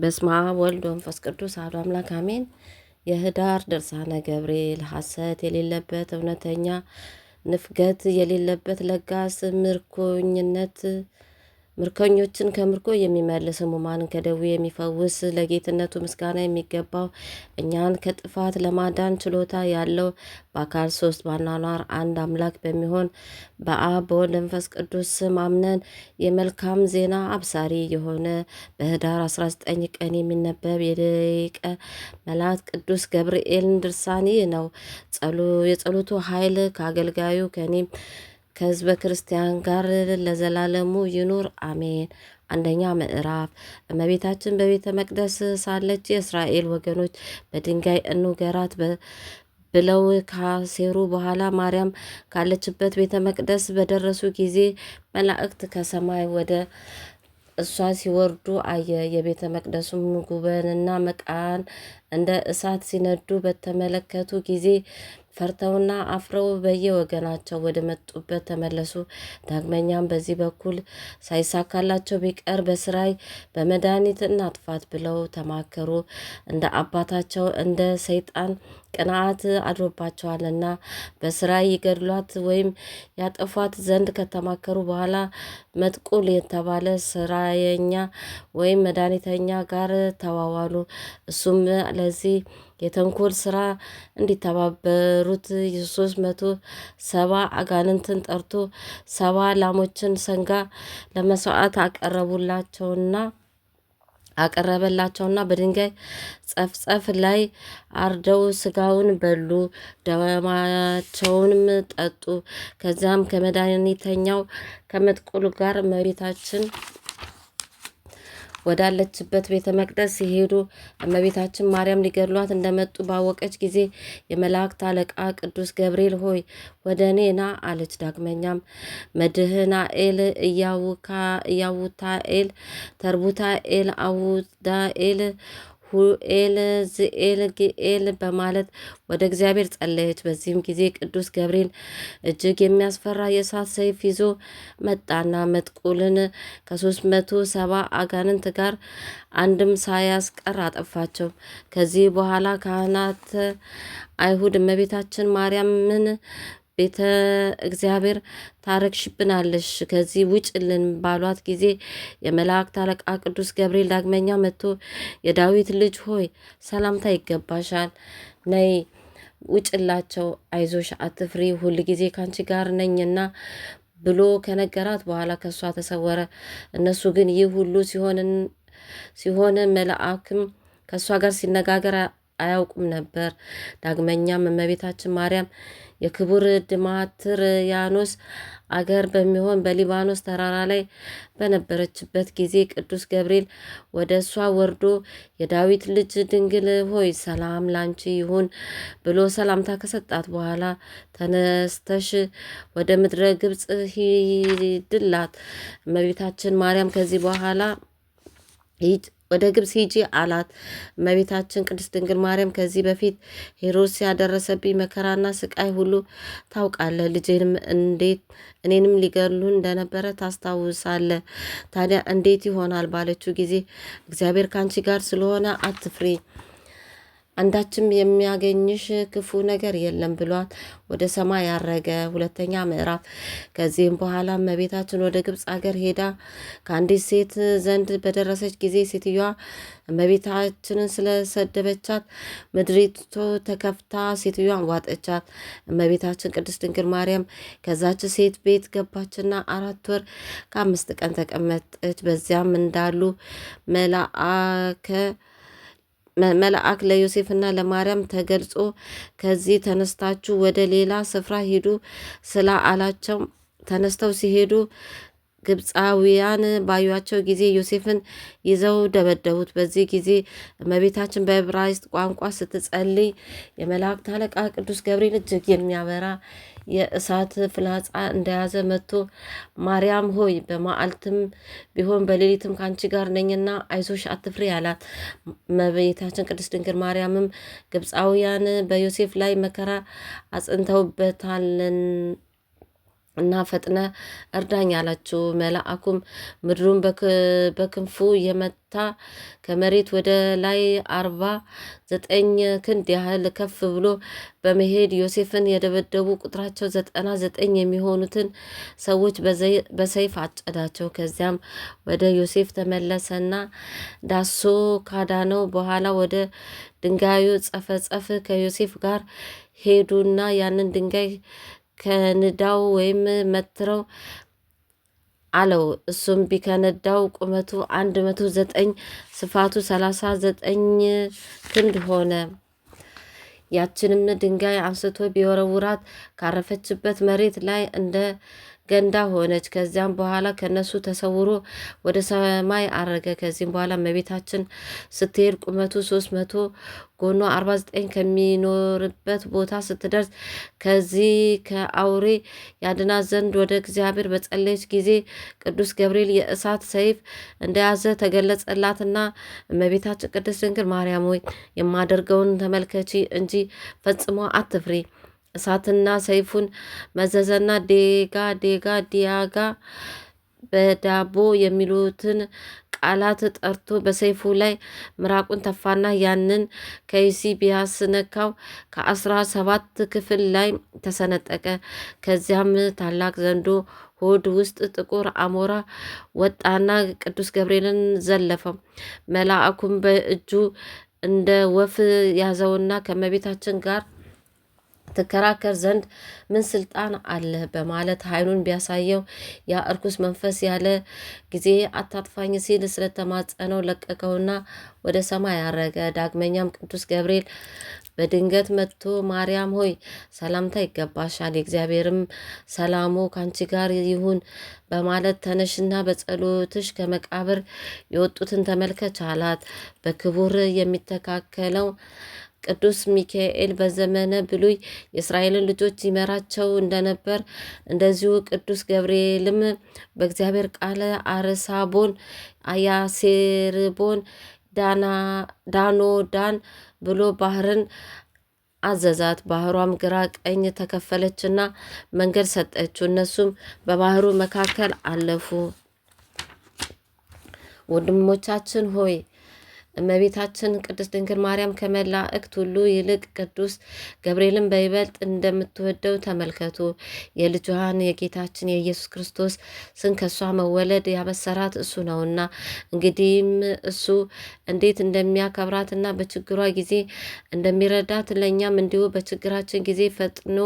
በስመ አብ ወልድ ወመንፈስ ቅዱስ አሐዱ አምላክ አሜን። የኅዳር ድርሳነ ገብርኤል ሐሰት የሌለበት እውነተኛ ንፍገት የሌለበት ለጋስ ምርኮኝነት ምርኮኞችን ከምርኮ የሚመልስ ሕሙማንን ከደዌ የሚፈውስ ለጌትነቱ ምስጋና የሚገባው እኛን ከጥፋት ለማዳን ችሎታ ያለው በአካል ሶስት ባኗኗር አንድ አምላክ በሚሆን በአብ በወልድ በመንፈስ ቅዱስ ስም አምነን የመልካም ዜና አብሳሪ የሆነ በህዳር 19 ቀን የሚነበብ የደቂቀ መላእክት ቅዱስ ገብርኤልን ድርሳን ይህ ነው። የጸሎቱ ኃይል ከአገልጋዩ ከኔም ከህዝበ ክርስቲያን ጋር ለዘላለሙ ይኑር አሜን። አንደኛ ምዕራፍ እመቤታችን በቤተ መቅደስ ሳለች የእስራኤል ወገኖች በድንጋይ እንውገራት ብለው ካሴሩ በኋላ ማርያም ካለችበት ቤተ መቅደስ በደረሱ ጊዜ መላእክት ከሰማይ ወደ እሷ ሲወርዱ አየ። የቤተ መቅደሱም ጉበንና መቃን እንደ እሳት ሲነዱ በተመለከቱ ጊዜ ፈርተውና አፍረው በየወገናቸው ወደ መጡበት ተመለሱ። ዳግመኛም በዚህ በኩል ሳይሳካላቸው ቢቀር በስራይ በመድኃኒት እናጥፋት ብለው ተማከሩ። እንደ አባታቸው እንደ ሰይጣን ቅንዓት አድሮባቸዋልና በስራ ይገድሏት ወይም ያጠፏት ዘንድ ከተማከሩ በኋላ መጥቁል የተባለ ስራየኛ ወይም መድኃኒተኛ ጋር ተዋዋሉ። እሱም ለዚህ የተንኮል ስራ እንዲተባበሩት የሶስት መቶ ሰባ አጋንንትን ጠርቶ ሰባ ላሞችን ሰንጋ ለመስዋዕት አቀረቡላቸውና አቀረበላቸውና በድንጋይ ጸፍጸፍ ላይ አርደው ስጋውን በሉ፣ ደማቸውንም ጠጡ። ከዚያም ከመድኃኒተኛው ከመጥቁሉ ጋር እመቤታችን ወዳለችበት ቤተ መቅደስ ሲሄዱ እመቤታችን ማርያም ሊገድሏት እንደመጡ ባወቀች ጊዜ የመላእክት አለቃ ቅዱስ ገብርኤል ሆይ ወደ እኔ ና አለች። ዳግመኛም መድህናኤል፣ እያውታኤል፣ ተርቡታኤል፣ አውዳኤል ሁኤል ዝኤል ግኤል በማለት ወደ እግዚአብሔር ጸለየች። በዚህም ጊዜ ቅዱስ ገብርኤል እጅግ የሚያስፈራ የእሳት ሰይፍ ይዞ መጣና መጥቁልን ከሶስት መቶ ሰባ አጋንንት ጋር አንድም ሳያስቀር አጠፋቸው። ከዚህ በኋላ ካህናት አይሁድ እመቤታችን ማርያምን ቤተ እግዚአብሔር ታረክሽብናለሽ ከዚህ ውጭልን ባሏት ጊዜ የመላእክት አለቃ ቅዱስ ገብርኤል ዳግመኛ መጥቶ የዳዊት ልጅ ሆይ ሰላምታ ይገባሻል፣ ነይ ውጭላቸው፣ አይዞሽ፣ አትፍሪ፣ ሁል ጊዜ ካንቺ ጋር ነኝና ብሎ ከነገራት በኋላ ከእሷ ተሰወረ። እነሱ ግን ይህ ሁሉ ሲሆን መልአክም ከእሷ ጋር ሲነጋገር አያውቁም ነበር። ዳግመኛም እመቤታችን ማርያም የክቡር ድማትርያኖስ አገር በሚሆን በሊባኖስ ተራራ ላይ በነበረችበት ጊዜ ቅዱስ ገብርኤል ወደ እሷ ወርዶ የዳዊት ልጅ ድንግል ሆይ ሰላም ላንቺ ይሁን ብሎ ሰላምታ ከሰጣት በኋላ ተነስተሽ ወደ ምድረ ግብፅ ሂድላት እመቤታችን ማርያም ከዚህ በኋላ ሂድ ወደ ግብፅ ሂጂ አላት። እመቤታችን ቅድስት ድንግል ማርያም ከዚህ በፊት ሄሮድስ ያደረሰብኝ መከራና ስቃይ ሁሉ ታውቃለህ። ልጄንም እንዴት እኔንም ሊገሉ እንደነበረ ታስታውሳለህ። ታዲያ እንዴት ይሆናል ባለችው ጊዜ እግዚአብሔር ከአንቺ ጋር ስለሆነ አትፍሪ አንዳችም የሚያገኝሽ ክፉ ነገር የለም ብሏት ወደ ሰማይ ያረገ ሁለተኛ ምዕራፍ። ከዚህም በኋላ እመቤታችን ወደ ግብፅ አገር ሄዳ ከአንዲት ሴት ዘንድ በደረሰች ጊዜ ሴትዮዋ እመቤታችንን ስለሰደበቻት ምድሪቱ ተከፍታ ሴትዮዋን ዋጠቻት። እመቤታችን ቅድስት ድንግል ማርያም ከዛች ሴት ቤት ገባችና አራት ወር ከአምስት ቀን ተቀመጠች። በዚያም እንዳሉ መላአከ መልአክ ለዮሴፍና ለማርያም ተገልጾ ከዚህ ተነስታችሁ ወደ ሌላ ስፍራ ሂዱ ስላ አላቸው። ተነስተው ሲሄዱ ግብፃውያን ባዩቸው ጊዜ ዮሴፍን ይዘው ደበደቡት። በዚህ ጊዜ እመቤታችን በዕብራይስጥ ቋንቋ ስትጸልይ የመላእክት አለቃ ቅዱስ ገብርኤል እጅግ የሚያበራ የእሳት ፍላጻ እንደያዘ መጥቶ ማርያም ሆይ በመዓልትም ቢሆን በሌሊትም ከአንቺ ጋር ነኝና አይዞሽ አትፍሪ አላት። እመቤታችን ቅድስት ድንግል ማርያምም ግብፃውያን በዮሴፍ ላይ መከራ አጽንተውበታልን እና ፈጥነ እርዳኝ አላችሁ። መልአኩም ምድሩን በክንፉ የመታ ከመሬት ወደ ላይ አርባ ዘጠኝ ክንድ ያህል ከፍ ብሎ በመሄድ ዮሴፍን የደበደቡ ቁጥራቸው ዘጠና ዘጠኝ የሚሆኑትን ሰዎች በሰይፍ አጨዳቸው። ከዚያም ወደ ዮሴፍ ተመለሰና ዳሶ ካዳነው በኋላ ወደ ድንጋዩ ጸፈጸፍ ከዮሴፍ ጋር ሄዱና ያንን ድንጋይ ከንዳው ወይም መትረው አለው። እሱም ቢከነዳው ቁመቱ አንድ መቶ ዘጠኝ ስፋቱ ሰላሳ ዘጠኝ ክንድ ሆነ። ያችንም ድንጋይ አንስቶ ቢወረውራት ካረፈችበት መሬት ላይ እንደ ገንዳ ሆነች። ከዚያም በኋላ ከነሱ ተሰውሮ ወደ ሰማይ አረገ። ከዚህም በኋላ እመቤታችን ስትሄድ ቁመቱ ሶስት መቶ ጎኗ አርባ ዘጠኝ ከሚኖርበት ቦታ ስትደርስ ከዚህ ከአውሬ ያድናት ዘንድ ወደ እግዚአብሔር በጸለየች ጊዜ ቅዱስ ገብርኤል የእሳት ሰይፍ እንደያዘ ተገለጸላትና እመቤታችን ቅድስት ድንግል ማርያም ሆይ የማደርገውን ተመልከቺ እንጂ ፈጽሞ አትፍሪ እሳትና ሰይፉን መዘዘና ዴጋ ዴጋ ዲያጋ በዳቦ የሚሉትን ቃላት ጠርቶ በሰይፉ ላይ ምራቁን ተፋና ያንን ከይሲ ቢያስነካው ከአስራ ሰባት ክፍል ላይ ተሰነጠቀ። ከዚያም ታላቅ ዘንዶ ሆድ ውስጥ ጥቁር አሞራ ወጣና ቅዱስ ገብርኤልን ዘለፈው። መልአኩም በእጁ እንደ ወፍ ያዘውና ከመቤታችን ጋር ትከራከር ዘንድ ምን ስልጣን አለህ? በማለት ኃይሉን ቢያሳየው ያ እርኩስ መንፈስ ያለ ጊዜ አታጥፋኝ ሲል ስለተማጸነው ለቀቀውና ወደ ሰማይ አረገ። ዳግመኛም ቅዱስ ገብርኤል በድንገት መጥቶ ማርያም ሆይ ሰላምታ ይገባሻል፣ የእግዚአብሔርም ሰላሙ ከአንቺ ጋር ይሁን በማለት ተነሽና በጸሎትሽ ከመቃብር የወጡትን ተመልከች አላት። በክቡር የሚተካከለው ቅዱስ ሚካኤል በዘመነ ብሉይ የእስራኤልን ልጆች ይመራቸው እንደነበር እንደዚሁ ቅዱስ ገብርኤልም በእግዚአብሔር ቃለ አርሳቦን አያሴርቦን ዳኖዳን ብሎ ባህርን አዘዛት። ባህሯም ግራ ቀኝ ተከፈለችና መንገድ ሰጠችው። እነሱም በባህሩ መካከል አለፉ። ወንድሞቻችን ሆይ እመቤታችን ቅድስት ድንግል ማርያም ከመላእክት ሁሉ ይልቅ ቅዱስ ገብርኤልን በይበልጥ እንደምትወደው ተመልከቱ። የልጇን የጌታችን የኢየሱስ ክርስቶስ ስን ከእሷ መወለድ ያበሰራት እሱ ነውና እንግዲህም እሱ እንዴት እንደሚያከብራትና በችግሯ ጊዜ እንደሚረዳት ለእኛም እንዲሁ በችግራችን ጊዜ ፈጥኖ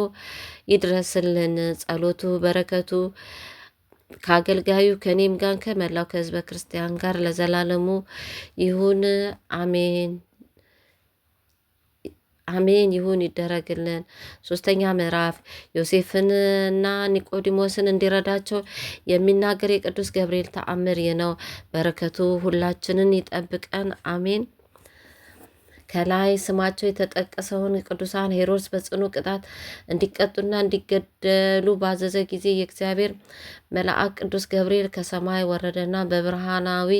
ይድረስልን። ጸሎቱ በረከቱ ከአገልጋዩ ከኔም ጋር ከመላው ከህዝበ ክርስቲያን ጋር ለዘላለሙ ይሁን አሜን። አሜን ይሁን ይደረግልን። ሶስተኛ ምዕራፍ ዮሴፍንና ኒቆዲሞስን እንዲረዳቸው የሚናገር የቅዱስ ገብርኤል ተአምር ነው። በረከቱ ሁላችንን ይጠብቀን አሜን። ከላይ ስማቸው የተጠቀሰውን ቅዱሳን ሄሮድስ በጽኑ ቅጣት እንዲቀጡና እንዲገደሉ ባዘዘ ጊዜ የእግዚአብሔር መልአክ ቅዱስ ገብርኤል ከሰማይ ወረደና በብርሃናዊ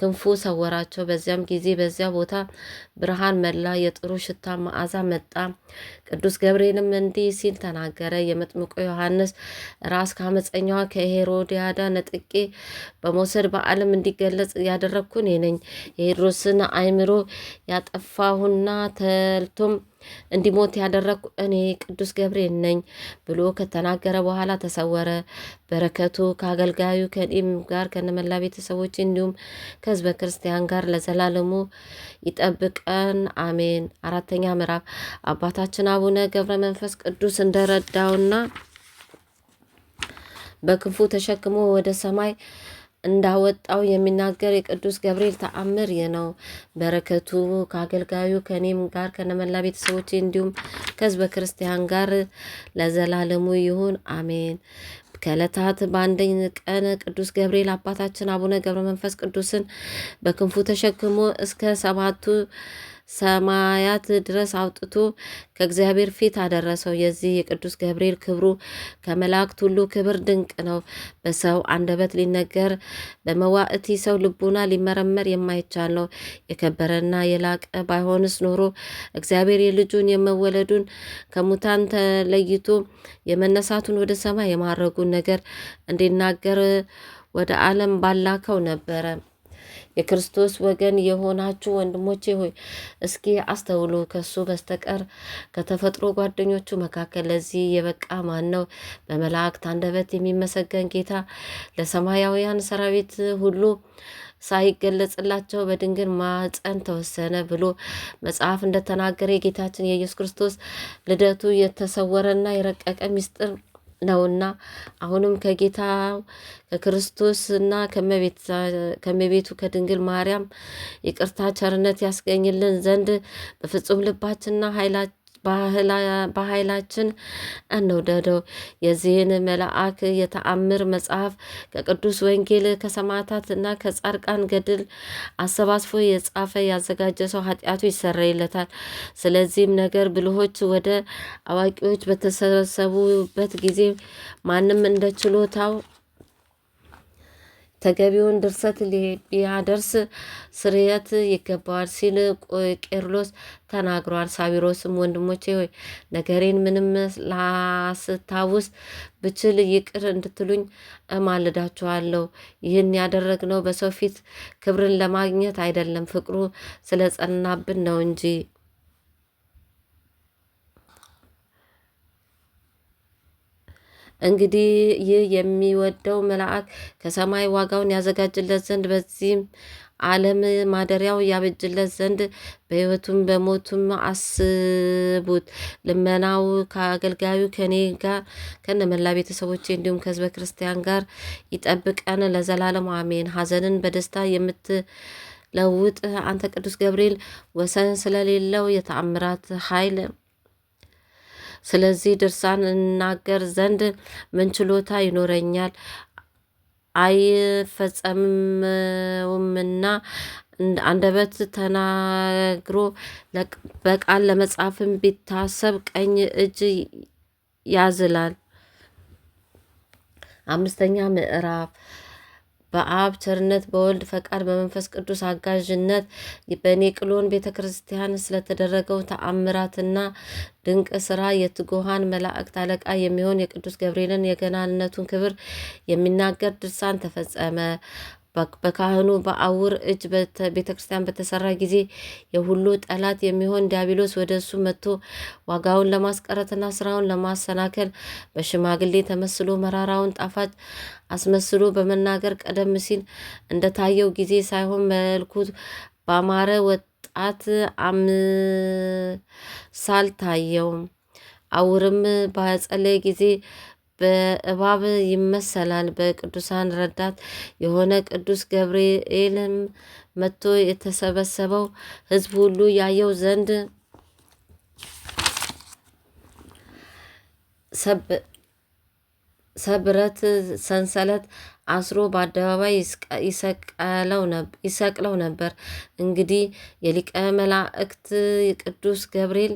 ክንፉ ሰወራቸው። በዚያም ጊዜ በዚያ ቦታ ብርሃን መላ፣ የጥሩ ሽታ መዓዛ መጣ። ቅዱስ ገብርኤልም እንዲህ ሲል ተናገረ። የመጥምቆ ዮሐንስ ራስ ከአመፀኛዋ ከሄሮዲያዳ ነጥቄ በመውሰድ በዓለም እንዲገለጽ ያደረግኩ እኔ ነኝ። የሄድሮስን አእምሮ ያጠፋሁና ተልቶም እንዲሞት ያደረግኩ እኔ ቅዱስ ገብርኤል ነኝ ብሎ ከተናገረ በኋላ ተሰወረ። በረከቱ ከአገልጋዩ ከእኔም ጋር ከነመላ ቤተሰቦች እንዲሁም ከህዝበ ክርስቲያን ጋር ለዘላለሙ ይጠብቀን፣ አሜን። አራተኛ ምዕራፍ አባታችን አቡነ ገብረ መንፈስ ቅዱስ እንደረዳውና በክንፉ ተሸክሞ ወደ ሰማይ እንዳወጣው የሚናገር የቅዱስ ገብርኤል ተአምር ይህ ነው። በረከቱ ከአገልጋዩ ከእኔም ጋር ከነመላ ቤተሰቦች እንዲሁም ከህዝበ ክርስቲያን ጋር ለዘላለሙ ይሁን አሜን። ከዕለታት በአንደኝ ቀን ቅዱስ ገብርኤል አባታችን አቡነ ገብረ መንፈስ ቅዱስን በክንፉ ተሸክሞ እስከ ሰባቱ ሰማያት ድረስ አውጥቶ ከእግዚአብሔር ፊት አደረሰው። የዚህ የቅዱስ ገብርኤል ክብሩ ከመላእክት ሁሉ ክብር ድንቅ ነው። በሰው አንደበት ሊነገር በመዋእቲ ሰው ልቡና ሊመረመር የማይቻል ነው። የከበረና የላቀ ባይሆንስ ኖሮ እግዚአብሔር የልጁን የመወለዱን ከሙታን ተለይቶ የመነሳቱን ወደ ሰማይ የማረጉን ነገር እንዲናገር ወደ ዓለም ባላከው ነበረ። የክርስቶስ ወገን የሆናችሁ ወንድሞቼ ሆይ እስኪ አስተውሉ። ከሱ በስተቀር ከተፈጥሮ ጓደኞቹ መካከል ለዚህ የበቃ ማን ነው? በመላእክት አንደበት የሚመሰገን ጌታ ለሰማያውያን ሰራዊት ሁሉ ሳይገለጽላቸው በድንግል ማፀን ተወሰነ ብሎ መጽሐፍ እንደተናገረ የጌታችን የኢየሱስ ክርስቶስ ልደቱ የተሰወረና የረቀቀ ሚስጥር ነውና አሁንም ከጌታ ከክርስቶስ ከመቤቱ ከድንግል ማርያም ይቅርታ ቸርነት ያስገኝልን ዘንድ በፍጹም ልባችንና ኃይላችን በኃይላችን እንውደደው። የዚህን መልአክ የተአምር መጽሐፍ ከቅዱስ ወንጌል ከሰማዕታት እና ከጻድቃን ገድል አሰባስፎ የጻፈ ያዘጋጀ ሰው ኃጢአቱ ይሰረይለታል። ስለዚህም ነገር ብልሆች ወደ አዋቂዎች በተሰበሰቡበት ጊዜ ማንም እንደ ችሎታው ተገቢውን ድርሰት ሊያደርስ ስርየት ይገባዋል ሲል ቄርሎስ ተናግሯል። ሳቢሮስም ወንድሞቼ ሆይ ነገሬን ምንም ላስታውስ ብችል ይቅር እንድትሉኝ እማልዳችኋለሁ። ይህን ያደረግነው በሰው ፊት ክብርን ለማግኘት አይደለም፣ ፍቅሩ ስለጸናብን ነው እንጂ እንግዲህ ይህ የሚወደው መልአክ ከሰማይ ዋጋውን ያዘጋጅለት ዘንድ በዚህም ዓለም ማደሪያው ያበጅለት ዘንድ በሕይወቱም በሞቱም አስቡት። ልመናው ከአገልጋዩ ከኔ ጋር ከነመላ ቤተሰቦቼ እንዲሁም ከሕዝበ ክርስቲያን ጋር ይጠብቀን ለዘላለም አሜን። ሐዘንን በደስታ የምትለውጥ አንተ ቅዱስ ገብርኤል ወሰን ስለሌለው የተአምራት ኃይል ስለዚህ ድርሳን እናገር ዘንድ ምን ችሎታ ይኖረኛል? አይፈጸምውምና አንደበት ተናግሮ በቃል ለመጻፍም ቢታሰብ ቀኝ እጅ ያዝላል። አምስተኛ ምዕራፍ በአብ ቸርነት በወልድ ፈቃድ በመንፈስ ቅዱስ አጋዥነት በኔቅሎን ቤተ ክርስቲያን ስለተደረገው ተአምራትና ድንቅ ስራ የትጉሃን መላእክት አለቃ የሚሆን የቅዱስ ገብርኤልን የገናንነቱን ክብር የሚናገር ድርሳን ተፈጸመ። በካህኑ በአውር እጅ ቤተ ክርስቲያን በተሰራ ጊዜ የሁሉ ጠላት የሚሆን ዲያብሎስ ወደ እሱ መጥቶ ዋጋውን ለማስቀረትና ስራውን ለማሰናከል በሽማግሌ ተመስሎ መራራውን ጣፋጭ አስመስሎ በመናገር ቀደም ሲል እንደታየው ጊዜ ሳይሆን መልኩ ባማረ ወጣት አምሳል ታየው። አውርም በጸለየ ጊዜ በእባብ ይመሰላል። በቅዱሳን ረዳት የሆነ ቅዱስ ገብርኤልም መጥቶ የተሰበሰበው ሕዝብ ሁሉ ያየው ዘንድ ሰብረት ሰንሰለት አስሮ በአደባባይ ይሰቅለው ነበር። እንግዲህ የሊቀ መላእክት ቅዱስ ገብርኤል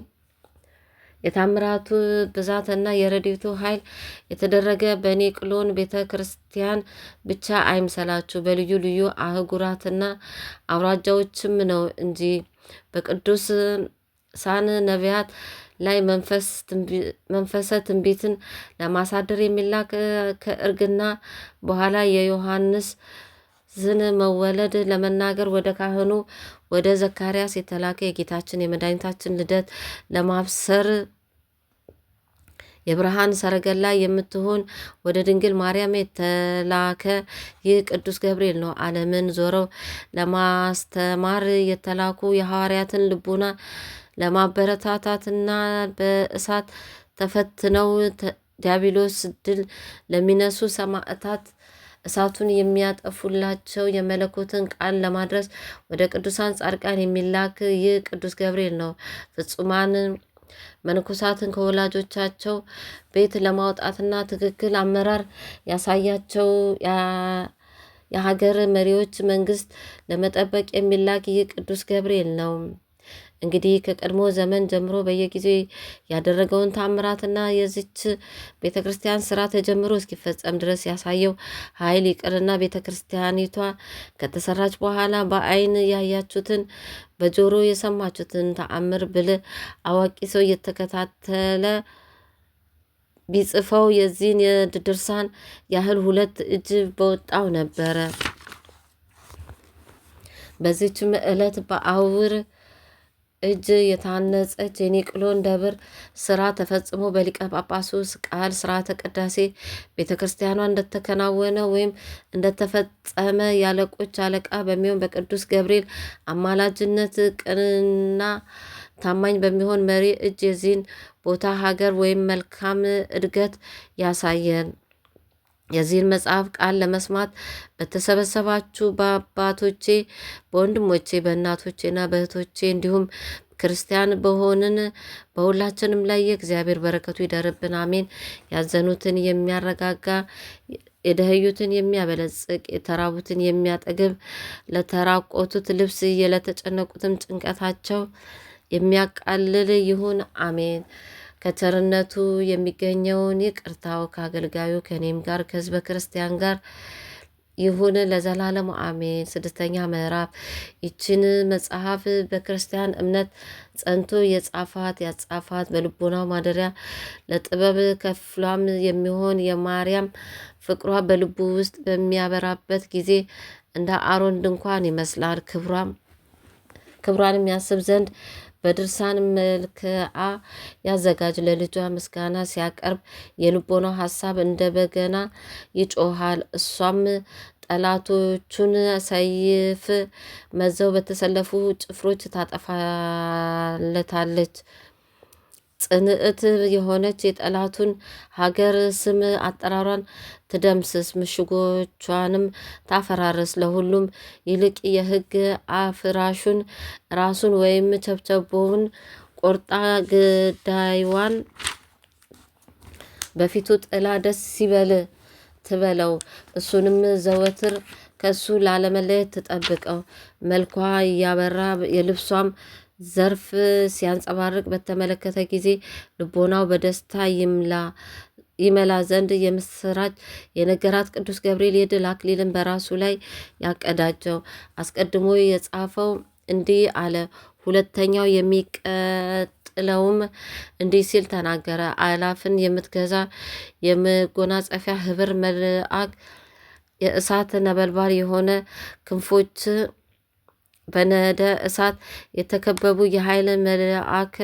የታምራቱ ብዛትና የረድኤቱ ኃይል የተደረገ በኒቅሎን ቤተ ክርስቲያን ብቻ አይምሰላችሁ፣ በልዩ ልዩ አህጉራትና አውራጃዎችም ነው እንጂ በቅዱስ ሳን ነቢያት ላይ መንፈሰ ትንቢትን ለማሳደር የሚላክ ከእርግና በኋላ የዮሐንስ ዝን መወለድ ለመናገር ወደ ካህኑ ወደ ዘካርያስ የተላከ የጌታችን የመድኃኒታችን ልደት ለማብሰር የብርሃን ሰረገላ የምትሆን ወደ ድንግል ማርያም የተላከ ይህ ቅዱስ ገብርኤል ነው። ዓለምን ዞረው ለማስተማር የተላኩ የሐዋርያትን ልቡና ለማበረታታትና በእሳት ተፈትነው ዲያብሎስ ድል ለሚነሱ ሰማዕታት እሳቱን የሚያጠፉላቸው የመለኮትን ቃል ለማድረስ ወደ ቅዱሳን ጻድቃን የሚላክ ይህ ቅዱስ ገብርኤል ነው። ፍጹማን መንኩሳትን ከወላጆቻቸው ቤት ለማውጣትና ትክክል አመራር ያሳያቸው የሀገር መሪዎች መንግስት ለመጠበቅ የሚላክ ይህ ቅዱስ ገብርኤል ነው። እንግዲህ ከቀድሞ ዘመን ጀምሮ በየጊዜው ያደረገውን ታምራትና የዚች ቤተ ክርስቲያን ስራ ተጀምሮ እስኪፈጸም ድረስ ያሳየው ኃይል ይቅርና ቤተ ክርስቲያኒቷ ከተሰራች በኋላ በአይን ያያችሁትን በጆሮ የሰማችሁትን ተአምር ብል አዋቂ ሰው እየተከታተለ ቢጽፈው የዚህን የድርሳን ያህል ሁለት እጅ በወጣው ነበረ። በዚችም ዕለት በአውር እጅ የታነጸች የኒቅሎን ደብር ስራ ተፈጽሞ በሊቀ ጳጳሱ ቃል ስርዓተ ቅዳሴ ቤተ ክርስቲያኗ እንደተከናወነ ወይም እንደተፈጸመ ያለቆች አለቃ በሚሆን በቅዱስ ገብርኤል አማላጅነት ቅንና ታማኝ በሚሆን መሪ እጅ የዚህን ቦታ ሀገር ወይም መልካም እድገት ያሳየን። የዚህን መጽሐፍ ቃል ለመስማት በተሰበሰባችሁ በአባቶቼ በወንድሞቼ በእናቶቼና በእህቶቼ እንዲሁም ክርስቲያን በሆንን በሁላችንም ላይ የእግዚአብሔር በረከቱ ይደርብን፣ አሜን። ያዘኑትን የሚያረጋጋ የደህዩትን የሚያበለጽግ የተራቡትን የሚያጠግብ ለተራቆቱት ልብስ የለተጨነቁትም ጭንቀታቸው የሚያቃልል ይሁን፣ አሜን። ከቸርነቱ የሚገኘውን ይቅርታው ከአገልጋዩ ከእኔም ጋር ከህዝበ ክርስቲያን ጋር ይሁን ለዘላለሙ አሜን። ስድስተኛ ምዕራፍ ይችን መጽሐፍ በክርስቲያን እምነት ጸንቶ የጻፋት ያጻፋት በልቦናው ማደሪያ ለጥበብ ከፍሏም የሚሆን የማርያም ፍቅሯ በልቡ ውስጥ በሚያበራበት ጊዜ እንደ አሮን ድንኳን ይመስላል። ክብሯን የሚያስብ ዘንድ በድርሳን መልክአ ያዘጋጅ ለልጇ ምስጋና ሲያቀርብ የልቦናው ሀሳብ እንደ በገና ይጮሃል። እሷም ጠላቶቹን ሰይፍ መዘው በተሰለፉ ጭፍሮች ታጠፋለታለች። ጽንዕት የሆነች የጠላቱን ሀገር ስም አጠራሯን ትደምስስ፣ ምሽጎቿንም ታፈራርስ። ለሁሉም ይልቅ የህግ አፍራሹን ራሱን ወይም ቸብቸቦውን ቆርጣ ግዳይዋን በፊቱ ጥላ ደስ ሲበል ትበለው። እሱንም ዘወትር ከእሱ ላለመለየት ትጠብቀው። መልኳ እያበራ የልብሷም ዘርፍ ሲያንጸባርቅ በተመለከተ ጊዜ ልቦናው በደስታ ይምላ ይመላ ዘንድ የምስራች የነገራት ቅዱስ ገብርኤል የድል አክሊልን በራሱ ላይ ያቀዳጀው አስቀድሞ የጻፈው እንዲህ አለ። ሁለተኛው የሚቀጥለውም እንዲህ ሲል ተናገረ። አላፍን የምትገዛ የመጎናጸፊያ ህብር መልአክ የእሳት ነበልባል የሆነ ክንፎች በነደ እሳት የተከበቡ የኃይል መልአከ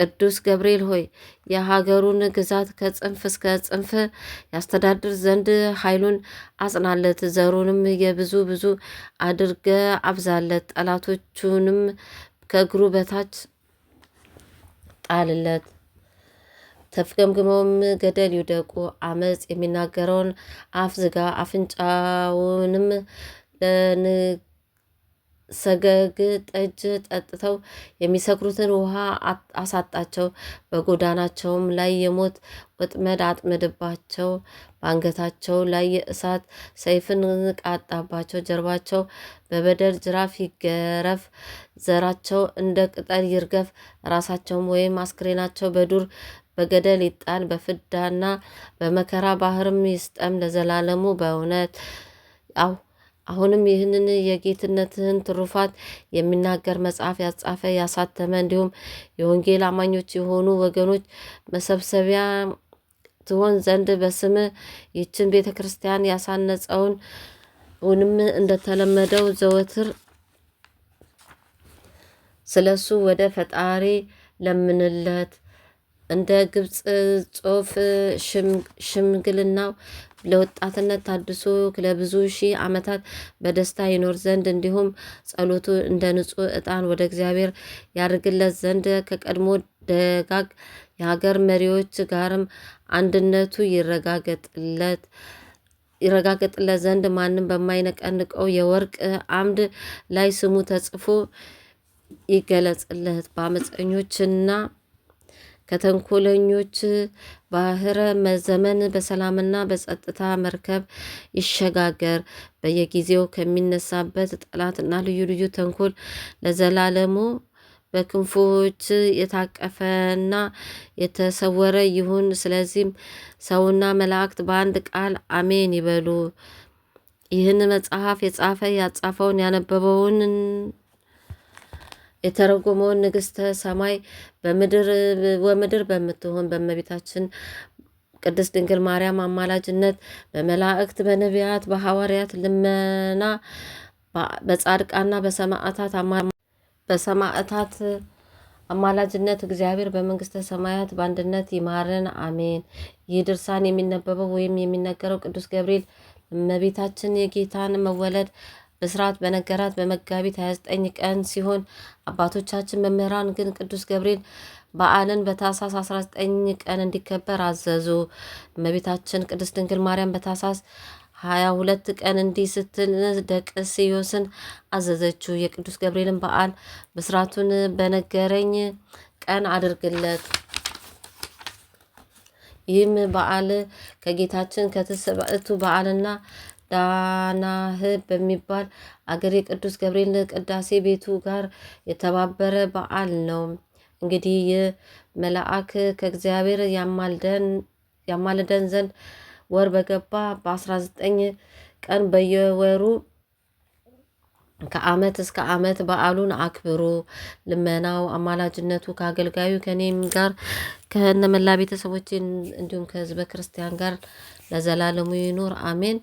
ቅዱስ ገብርኤል ሆይ የሀገሩን ግዛት ከጽንፍ እስከ ጽንፍ ያስተዳድር ዘንድ ኃይሉን አጽናለት፣ ዘሩንም የብዙ ብዙ አድርገ አብዛለት፣ ጠላቶቹንም ከእግሩ በታች ጣልለት። ተፍገምግመውም ገደል ይውደቁ። አመፅ የሚናገረውን አፍ ዝጋ፣ አፍንጫውንም ለንግ ሰገግ ጠጅ ጠጥተው የሚሰክሩትን ውሃ አሳጣቸው። በጎዳናቸውም ላይ የሞት ወጥመድ አጥመድባቸው። በአንገታቸው ላይ የእሳት ሰይፍን ቃጣባቸው። ጀርባቸው በበደል ጅራፍ ይገረፍ፣ ዘራቸው እንደ ቅጠል ይርገፍ። ራሳቸውም ወይም አስክሬናቸው በዱር በገደል ይጣል፣ በፍዳና በመከራ ባህርም ይስጠም ለዘላለሙ በእውነት አው አሁንም ይህንን የጌትነትህን ትሩፋት የሚናገር መጽሐፍ ያጻፈ ያሳተመ እንዲሁም የወንጌል አማኞች የሆኑ ወገኖች መሰብሰቢያ ትሆን ዘንድ በስምህ ይችን ቤተ ክርስቲያን ያሳነጸውን አሁንም እንደተለመደው ዘወትር ስለ ወደ ፈጣሪ ለምንለት እንደ ግብፅ ጾፍ ሽምግልናው ለወጣትነት ታድሶ ለብዙ ሺህ ዓመታት በደስታ ይኖር ዘንድ እንዲሁም ጸሎቱ እንደ ንጹህ ዕጣን ወደ እግዚአብሔር ያድርግለት ዘንድ ከቀድሞ ደጋግ የሀገር መሪዎች ጋርም አንድነቱ ይረጋገጥለት ይረጋገጥለት ዘንድ ማንም በማይነቀንቀው የወርቅ አምድ ላይ ስሙ ተጽፎ ይገለጽለት በአመፀኞችና ከተንኮለኞች ባህረ ዘመን በሰላምና በጸጥታ መርከብ ይሸጋገር። በየጊዜው ከሚነሳበት ጠላትና ልዩ ልዩ ተንኮል ለዘላለሙ በክንፎች የታቀፈና የተሰወረ ይሁን። ስለዚህም ሰውና መላእክት በአንድ ቃል አሜን ይበሉ። ይህን መጽሐፍ የጻፈ ያጻፈውን ያነበበውን የተረጎመውን ንግሥተ ሰማይ በምድር ወምድር በምትሆን በእመቤታችን ቅድስት ድንግል ማርያም አማላጅነት በመላእክት፣ በነቢያት፣ በሐዋርያት ልመና በጻድቃና በሰማዕታት በሰማዕታት አማላጅነት እግዚአብሔር በመንግስተ ሰማያት በአንድነት ይማረን፣ አሜን። ይህ ድርሳን የሚነበበው ወይም የሚነገረው ቅዱስ ገብርኤል እመቤታችን የጌታን መወለድ በስርዓት በነገራት በመጋቢት 29 ቀን ሲሆን አባቶቻችን መምህራን ግን ቅዱስ ገብርኤል በዓልን በታሳስ 19 ቀን እንዲከበር አዘዙ። እመቤታችን ቅድስት ድንግል ማርያም በታሳስ ሀያ ሁለት ቀን እንዲህ ስትል ደቅስዮስን አዘዘችው። የቅዱስ ገብርኤልን በዓል ብስራቱን በነገረኝ ቀን አድርግለት። ይህም በዓል ከጌታችን ከትስብእቱ በዓልና ዳናህ በሚባል አገር የቅዱስ ገብርኤል ቅዳሴ ቤቱ ጋር የተባበረ በዓል ነው። እንግዲህ ይህ መልአክ ከእግዚአብሔር ያማልደን ዘንድ ወር በገባ በ19 ቀን በየወሩ ከዓመት እስከ ዓመት በዓሉን አክብሩ። ልመናው አማላጅነቱ ከአገልጋዩ ከኔም ጋር ከነመላ ቤተሰቦች እንዲሁም ከህዝበ ክርስቲያን ጋር ለዘላለሙ ይኑር አሜን።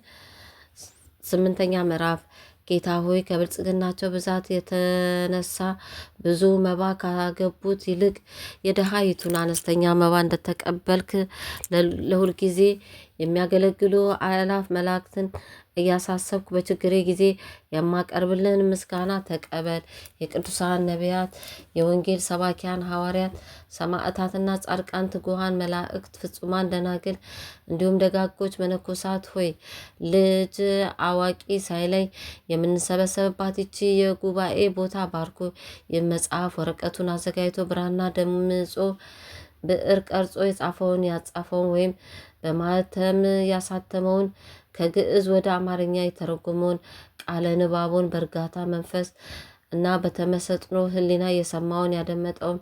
ስምንተኛ ምዕራፍ ጌታ ሆይ ከብልጽግናቸው ብዛት የተነሳ ብዙ መባ ካገቡት ይልቅ የደሃይቱን አነስተኛ መባ እንደተቀበልክ ለሁልጊዜ የሚያገለግሉ አእላፍ መላእክትን እያሳሰብኩ በችግሬ ጊዜ የማቀርብልን ምስጋና ተቀበል። የቅዱሳን ነቢያት፣ የወንጌል ሰባኪያን ሐዋርያት፣ ሰማዕታትና ጻድቃን፣ ትጉሃን መላእክት፣ ፍጹማን ደናግል እንዲሁም ደጋጎች መነኮሳት ሆይ ልጅ አዋቂ ሳይለይ የምንሰበሰብባት ይቺ የጉባኤ ቦታ ባርኮ የመጽሐፍ ወረቀቱን አዘጋጅቶ ብራና ደምጾ ብዕር ቀርጾ የጻፈውን ያጻፈውን ወይም በማተም ያሳተመውን ከግዕዝ ወደ አማርኛ የተረጎመውን ቃለ ንባቡን በእርጋታ መንፈስ እና በተመሰጥኖ ሕሊና የሰማውን ያደመጠውን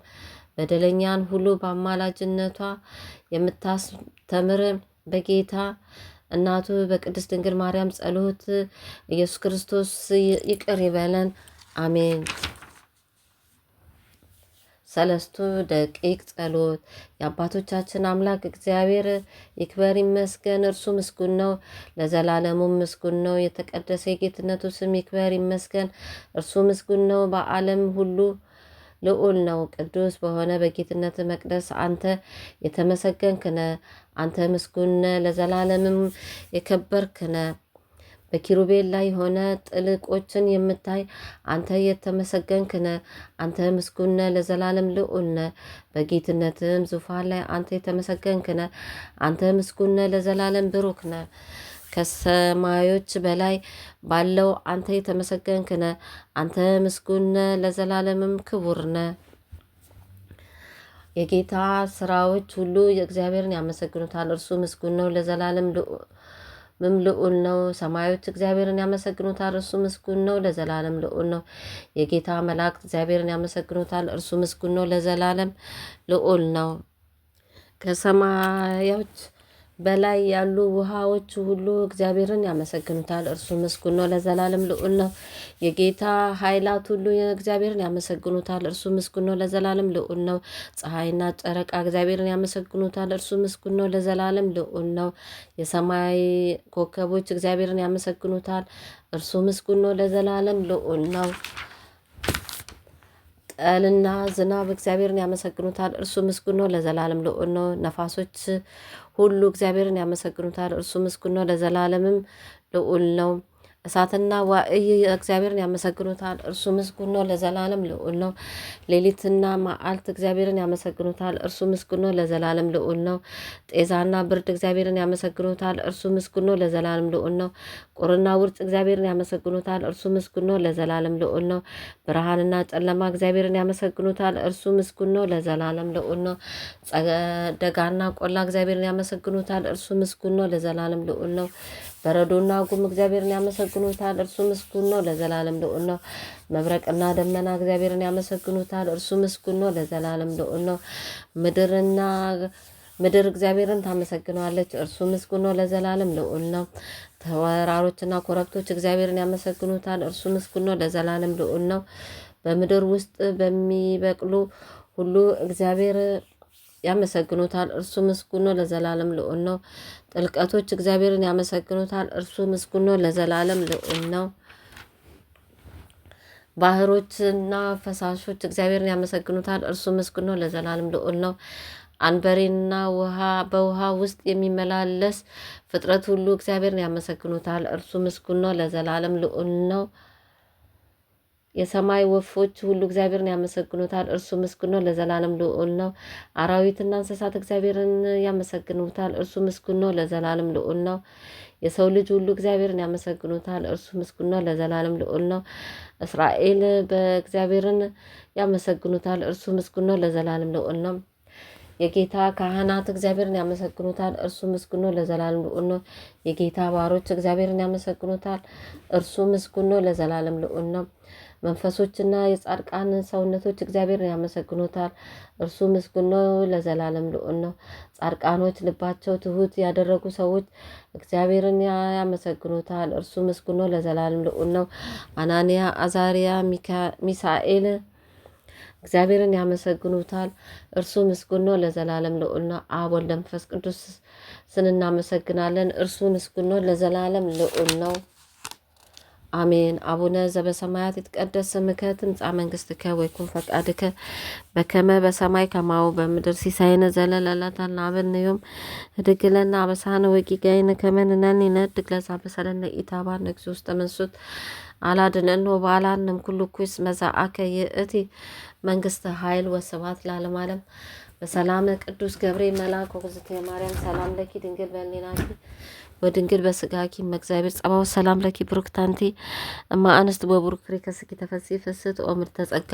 በደለኛን ሁሉ በአማላጅነቷ የምታስተምር በጌታ እናቱ በቅድስት ድንግል ማርያም ጸሎት ኢየሱስ ክርስቶስ ይቅር ይበለን፣ አሜን። ሰለስቱ ደቂቅ ጸሎት የአባቶቻችን አምላክ እግዚአብሔር ይክበር ይመስገን፣ እርሱ ምስጉን ነው፣ ለዘላለሙ ምስጉን ነው። የተቀደሰ የጌትነቱ ስም ይክበር ይመስገን፣ እርሱ ምስጉን ነው፣ በዓለም ሁሉ ልዑል ነው። ቅዱስ በሆነ በጌትነት መቅደስ አንተ የተመሰገንክነ፣ አንተ ምስጉነ፣ ለዘላለምም የከበርክነ በኪሩቤል ላይ ሆነ ጥልቆችን የምታይ አንተ የተመሰገንክ ነ አንተ ምስጉነ ለዘላለም ልዑል ነ በጌትነትም ዙፋን ላይ አንተ የተመሰገንክ ነ አንተ ምስጉነ ለዘላለም ብሩክ ነ ከሰማዮች በላይ ባለው አንተ የተመሰገንክ ነ አንተ ምስጉነ ለዘላለምም ክቡር ነ የጌታ ስራዎች ሁሉ እግዚአብሔርን ያመሰግኑታል። እርሱ ምስጉን ነው ለዘላለም ምም ልዑል ነው። ሰማዮች እግዚአብሔርን ያመሰግኑታል፣ እርሱ ምስጉን ነው ለዘላለም ልዑል ነው። የጌታ መላእክት እግዚአብሔርን ያመሰግኑታል፣ እርሱ ምስጉን ነው ለዘላለም ልዑል ነው። ከሰማዮች በላይ ያሉ ውሃዎች ሁሉ እግዚአብሔርን ያመሰግኑታል። እርሱ ምስጉን ነው፣ ለዘላለም ልዑል ነው። የጌታ ኃይላት ሁሉ እግዚአብሔርን ያመሰግኑታል። እርሱ ምስጉን ነው፣ ለዘላለም ልዑል ነው። ፀሐይና ጨረቃ እግዚአብሔርን ያመሰግኑታል። እርሱ ምስጉን ነው፣ ለዘላለም ልዑል ነው። የሰማይ ኮከቦች እግዚአብሔርን ያመሰግኑታል። እርሱ ምስጉን ነው፣ ለዘላለም ልዑል ነው። ጠልና ዝናብ እግዚአብሔርን ያመሰግኑታል፣ እርሱ ምስጉን ነው ለዘላለም ልዑል ነው። ነፋሶች ሁሉ እግዚአብሔርን ያመሰግኑታል፣ እርሱ ምስጉን ነው ለዘላለምም ልዑል ነው። እሳትና ዋእይ እግዚአብሔርን ያመሰግኑታል። እርሱ ምስጉን ነው ለዘላለም ልዑል ነው። ሌሊትና መዓልት እግዚአብሔርን ያመሰግኑታል። እርሱ ምስጉን ነው ለዘላለም ልዑል ነው። ጤዛና ብርድ እግዚአብሔርን ያመሰግኑታል። እርሱ ምስጉን ነው ለዘላለም ልዑል ነው። ቁርና ውርጭ እግዚአብሔርን ያመሰግኑታል። እርሱ ምስጉን ነው ለዘላለም ልዑል ነው። ብርሃንና ጨለማ እግዚአብሔርን ያመሰግኑታል። እርሱ ምስጉን ነው ለዘላለም ልዑል ነው። ደጋና ቆላ እግዚአብሔርን ያመሰግኑታል። እርሱ ምስጉን ነው ለዘላለም ልዑል ነው። በረዶና ጉም እግዚአብሔርን ያመሰግኑታል፣ እርሱ ምስጉን ነው ለዘላለም ልዑል ነው። መብረቅና ደመና እግዚአብሔርን ያመሰግኑታል፣ እርሱ ምስጉን ነው ለዘላለም ልዑል ነው። ምድርና ምድር እግዚአብሔርን ታመሰግነዋለች፣ እርሱ ምስጉን ነው ለዘላለም ልዑል ነው። ተራሮችና ኮረብቶች እግዚአብሔርን ያመሰግኑታል፣ እርሱ ምስጉን ነው ለዘላለም ልዑል ነው። በምድር ውስጥ በሚበቅሉ ሁሉ እግዚአብሔር ያመሰግኑታል፣ እርሱ ምስጉን ነው ለዘላለም ልዑል ነው። ጥልቀቶች እግዚአብሔርን ያመሰግኑታል፣ እርሱ ምስጉን ነው ለዘላለም ልዑል ነው። ባህሮችና ፈሳሾች እግዚአብሔርን ያመሰግኑታል፣ እርሱ ምስጉን ነው ለዘላለም ልዑል ነው። አንበሬና ውሃ በውሃ ውስጥ የሚመላለስ ፍጥረት ሁሉ እግዚአብሔርን ያመሰግኑታል፣ እርሱ ምስጉን ነው ለዘላለም ልዑል ነው። የሰማይ ወፎች ሁሉ እግዚአብሔርን ያመሰግኑታል፣ እርሱ ምስጉን ነው፣ ለዘላለም ልዑል ነው። አራዊትና እንስሳት እግዚአብሔርን ያመሰግኑታል፣ እርሱ ምስጉን ነው፣ ለዘላለም ልዑል ነው። የሰው ልጅ ሁሉ እግዚአብሔርን ያመሰግኑታል፣ እርሱ ምስጉን ነው፣ ለዘላለም ልዑል ነው። እስራኤል በእግዚአብሔርን ያመሰግኑታል፣ እርሱ ምስጉን ነው፣ ለዘላለም ልዑል ነው። የጌታ ካህናት እግዚአብሔርን ያመሰግኑታል፣ እርሱ ምስጉን ነው፣ ለዘላለም ልዑል ነው። የጌታ ባሮች እግዚአብሔርን ያመሰግኑታል፣ እርሱ ምስጉን ነው፣ ለዘላለም ልዑል ነው። መንፈሶችና የጻድቃን ሰውነቶች እግዚአብሔርን ያመሰግኑታል። እርሱ ምስጉን ነው፣ ለዘላለም ልዑል ነው። ጻድቃኖች ልባቸው ትሁት ያደረጉ ሰዎች እግዚአብሔርን ያመሰግኑታል። እርሱ ምስጉን ነው፣ ለዘላለም ልዑል ነው። አናንያ፣ አዛሪያ፣ ሚሳኤል እግዚአብሔርን ያመሰግኑታል። እርሱ ምስጉን ነው፣ ለዘላለም ልዑል ነው። አብ ወልድ መንፈስ ቅዱስ ስንናመሰግናለን። እርሱ ምስጉን ነው፣ ለዘላለም ልዑል ነው። አሜን። አቡነ ዘበሰማያት ይትቀደስ ስምከ ትምጻእ መንግስትከ ወይኩን ፈቃድከ በከመ በሰማይ ከማው በምድር ሲሳይነ ዘለለዕለትነ ሀበነ ህድግ ለነ አበሳነ ወጌጋየነ ከመ ንሕነኒ ለዛ በሰለነ ኢታባ ንግዚ ውስጥ ምንሱት አላድነን ባላንም ኩሉ ኩስ መዛአከ የእቲ መንግስት ኃይል ወስብሐት ለዓለመ ዓለም። በሰላም ቅዱስ ገብርኤል መልአክ ወግዝእትየ ማርያም ሰላም ለኪ ድንግል በሊናኪ ወድንግል በስጋ ኪም መግዚአብሔር ጸባው ሰላም ለኪ ብሩክታንቲ እማ አንስት ወቡሩክ ክሪከስኪ ተፈሲ ፍስት ኦምር ተጸጋ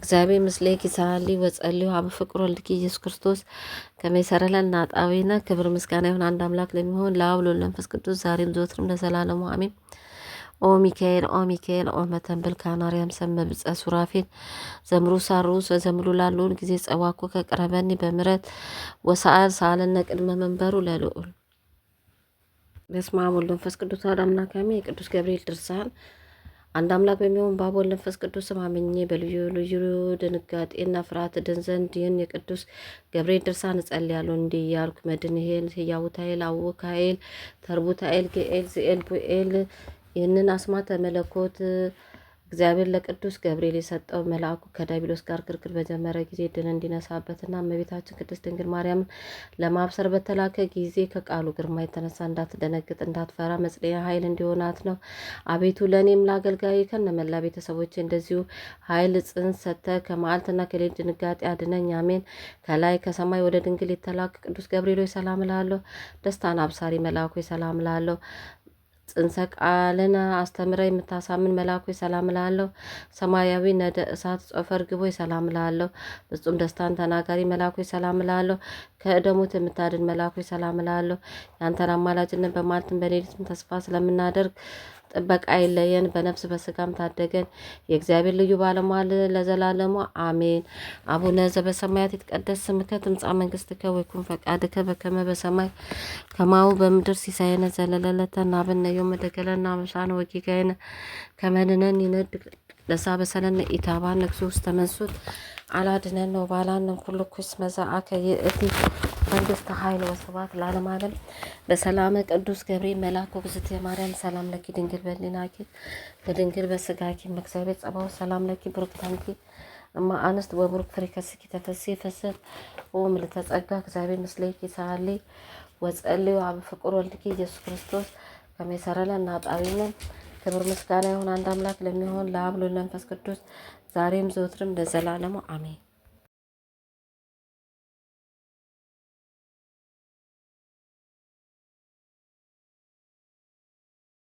እግዚአብሔር ምስሌኪ ሰአሊ ወጸልዩ አብ ፍቅሮ ወልድኪ ኢየሱስ ክርስቶስ ከመይ ከመይሰረለን ናጣዊነ ክብር ምስጋና ይሁን አንድ አምላክ ለሚሆን ለአብ ለወልድ ለመንፈስ ቅዱስ ዛሬም ዘወትርም ለዘላለሙ አሜን። ኦ ሚካኤል ኦ ሚካኤል ኦ መተንብል ካናርያም ሰመ ብጸ ሱራፌል ዘምሩ ሳሩስ ዘምሉ ላሉን ጊዜ ጸዋኮ ከቅረበኒ በምረት ወሰአል ሳለነ ቅድመ መንበሩ ለልዑል በስመ አብ ወወልድ ወመንፈስ ቅዱስ አሐዱ አምላክ አሜን። የቅዱስ ገብርኤል ድርሳን። አንድ አምላክ በሚሆን በአብ ወወልድ ወመንፈስ ቅዱስ ስም አምኜ በልዩ ልዩ ድንጋጤና ፍርሃት ድን ዘንድ ይህን የቅዱስ ገብርኤል ድርሳን እጸልያለሁ እንዲህ እያልኩ መድንሄል፣ ሕያውታኤል፣ አውካኤል፣ ተርቡታኤል፣ ግኤል፣ ዝኤል፣ ቡኤል ይህንን አስማተ መለኮት እግዚአብሔር ለቅዱስ ገብርኤል የሰጠው መልአኩ ከዲያብሎስ ጋር ክርክር በጀመረ ጊዜ ድል እንዲነሳበትና እመቤታችን ቅድስት ድንግል ማርያምን ለማብሰር በተላከ ጊዜ ከቃሉ ግርማ የተነሳ እንዳትደነግጥ እንዳትፈራ መጽለያ ኃይል እንዲሆናት ነው። አቤቱ ለእኔም ለአገልጋይ ከነመላ ቤተሰቦች እንደዚሁ ኃይል ጽንስ ሰጥተህ ከመዓልትና ከሌሊት ድንጋጤ አድነኝ። አሜን። ከላይ ከሰማይ ወደ ድንግል የተላከ ቅዱስ ገብርኤል ሰላም እላለሁ። ደስታን አብሳሪ መልአኩ ሰላም እላለሁ። ጽንሰ ቃልን አስተምረ የምታሳምን መልአክ ሰላም ላለሁ ሰማያዊ ነደ እሳት ጾፈ ግቦ ሰላም እልሃለሁ። ፍጹም ደስታን ተናጋሪ መልአክ ሰላም እልሃለሁ። ከደሞት የምታድን መልአክ ሰላም እልሃለሁ። ያንተን አማላጅነት በማለትን በሌሊትም ተስፋ ስለምናደርግ ጥበቃ አይለየን፣ በነፍስ በስጋም ታደገን። የእግዚአብሔር ልዩ ባለሟል ለዘላለሙ አሜን። አቡነ ዘበሰማያት የተቀደስ ስምከ ትምጻእ መንግስትከ ወይኩን ፈቃድከ በከመ በሰማይ ከማሁ በምድር ሲሳየነ ዘለለለተ ናብነዮ መደገለና መሻነ ወጌጋየነ ከመንነን ይነድ ለሳበሰነን ኢታባን ንግሱ ውስጥ ተመንሱት አላድነን ነው ባላንን ኩሉ ኩስ መዛአከ ይእቲ መንግስተ ኃይል ወስብሐት ለዓለመ ዓለም በሰላመ ቅዱስ ገብርኤል መልአኩ ብዝእተ የማርያም ሰላም ለኪ ድንግል በሊናኪ በድንግል በስጋኪ መክሰቤት ጸባው ሰላም ለኪ ብሩክ እማ አንስት ወብሩክ ፍሬ ከስኪ ተፈሴ ፈስህ ኦም ልተጸጋ እግዚአብሔር ምስሌኪ ሰዓሊ ወጸልዩ አብ ፍቁር ወልድኪ ኢየሱስ ክርስቶስ ከመሰረለ እናጣቢነን ክብር ምስጋና ይሁን አንድ አምላክ ለሚሆን ለአብ ለወልድ ለመንፈስ ቅዱስ ዛሬም ዘወትርም ለዘላለሙ አሜን።